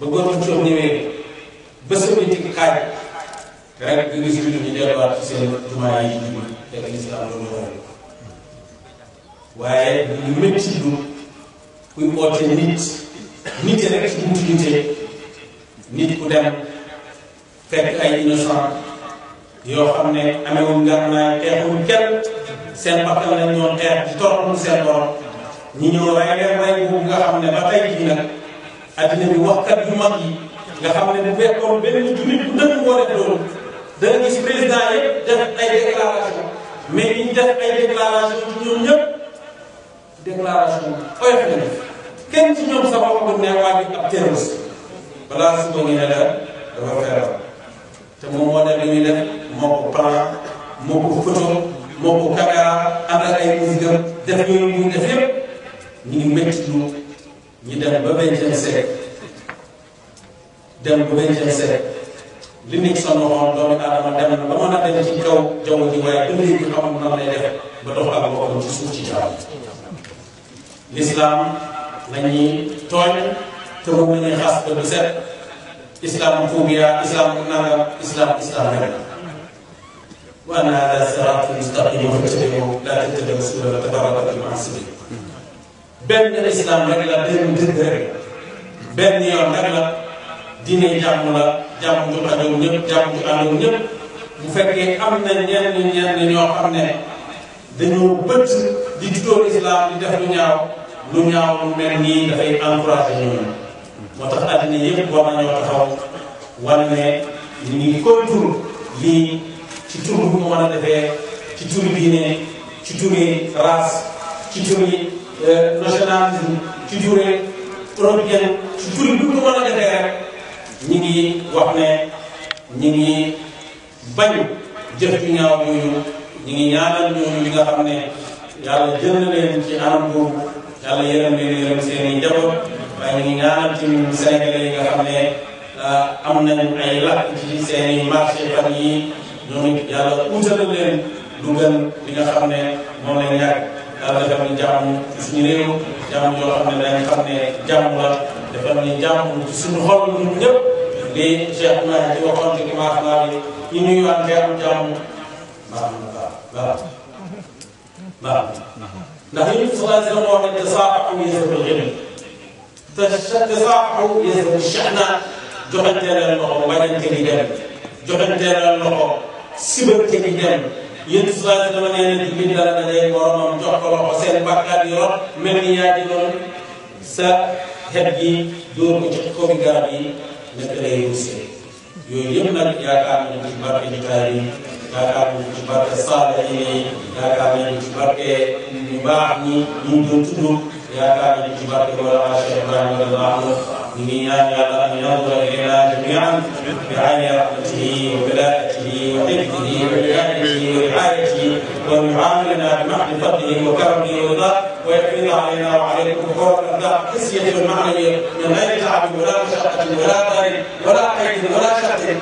ba góor coom ñëwee ba sëñ bi xaaj rek nga gis ñu ñu delluwaat ci seen jumaa yi ñu fekk lislaam loolu waral waaye lu métti lu kuy oote nit nit rek ci mu nit ku dem fekk ay innocent yoo xam ne amewuñ gànnaay xeexuñ kenn seen bakkan lañ seen borom ñi ñëw rey nga xam ne ba tey jii addina bi waxkat yu mag yi nga xam ne bu fekkoon benn jullit bu dëgg moo def loolu da nga gis président yëpp def ay déclaration mais ñu def ay def ay def yooyu muy def yëpp ñu ngi métti ñu dem ba vingtième siècle dem bu vingtième sét li Nixon waxoon doomu aadama dem ba mo na dem ci kaw ci way waaye ëllëg ko xamul na lay def ba dox ak boppam ci suuf ci jaam l'islam lañi toñ te mo ngeen xass ko du sét islam fuubiya islam islam islam rek وأن هذا صراط مستقيم فاتبعوه لا تتبعوا السبل فتفرق بكم بين الإسلام رجلا بين الدين رجلا بين يوم رجلا diine jàmm la jàmm ju xajow ñëpp ñëpp bu fekkee am na ñenn ñenn ñoo xam ne dañoo bëtt di juddoo islam di def lu ñaaw lu ñaaw mel nii dafay encouragé ñooñu moo tax àddina yëpp war nañoo taxaw wane ne ñu ngi lii ci tur bu mu defee ci tur diine ci turi race ci turi nationalisme ci turi européen ci turi bu mu mën defee ñi ngi wax ne ñi ngi bañ jëf ju ñaaw ñooñu ñi ngi ñaanal ñooñu li nga xam ne yàlla jël na leen ci anam boobu yàlla yërëm leen yërëm seen njaboot waaye ñi ngi ñaanal ci ñun yi nga xam ne ah, am nañ ay lakk ci seen i marché fan yi ñooñu yàlla utalal leen lu li nga xam ne moom lañ ñàkk yàlla defal jàmm suñu réew jàmm yoo xam ne dañ xam ne jàmm la defal ni jàmm ci suñu xol ñun ñëpp li Cheikh Ibrahima di waxoon ci commencement bi ñu nuyuwante am jàmm baax na baax baax na ndax yi ñu soxla si wax ne tasaaxu yasru al-ghina te tasaaxu yasru al-sha'na joxanteelal loxo wàññante gi dem joxanteelal loxo sibante gi dem yéen su laaj dama nee na jigéen dara na day boromam jox ko loxo seen bàkkaat yi rot mel ni yaa di doon sa xet gi dóor ko ci garab yi naka lay ruusee yooyu yëpp nag yaakaar nañu ci barke jitaar yi yaakaar nañu ci barke saala yi ne yaakaar nañu ci barke ñu baax ñi ñu doon tudd yaakaar nañu ci barke wala Cheikh Ibrahima radiyallahu anhu ñu ngi ñaan yàlla an yanzura ilayna jamian bi ayni rahmatihi العربية من غير تعب ولا مشقة ولا غير ولا قيد ولا شق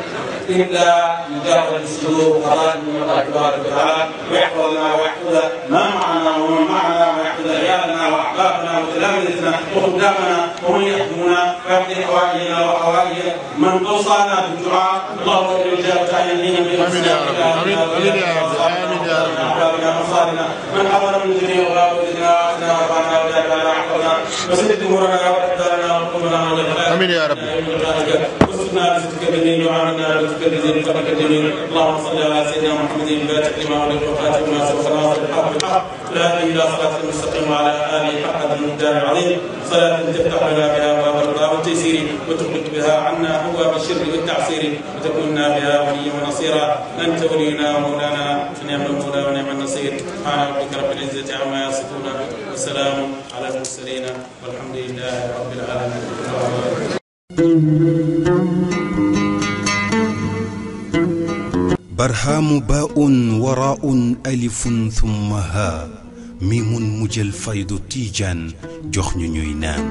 إلا مجرد السلوك خراج من تبارك وتعالى ويحفظنا ويحفظ ما معنا ومن معنا ويحفظ عيالنا وأحبابنا وتلامذتنا وخدامنا ومن يحكمنا ويحفظ حوائجنا وحوائج من أوصانا بالدعاء اللهم إن وجهك أيديهم بنفسنا آمين آمين يا رب آمين يا رب أحبابنا وأنصارنا من حضر من دنيا ولا ودنا وأخذنا وأرضانا وجعلنا وأحفظنا وسدد أمورنا وأحفظنا amiin yaa rabbi وارزقنا رزقك الذين وعاملنا رزقك الذين قبلك الذين اللهم صل على سيدنا محمد الفاتح لما ولد وخاتم ما سوف ناصر الحق بالحق لا الى صلاه المستقيم وعلى اله حق المقدار العظيم صلاه تفتح لنا بها باب الرضا والتيسير وتغلق بها عنا هو بالشر والتعسير وتكوننا بها وليا ونصيرا انت ولينا ومولانا فنعم المولى ونعم النصير سبحان ربك رب العزه عما يصفون وسلام على المرسلين والحمد لله رب العالمين Thank you. barhaamu baun waraun alifun thumma haa mi mun mujjël faydu tiijaan jox ñu ñuy naan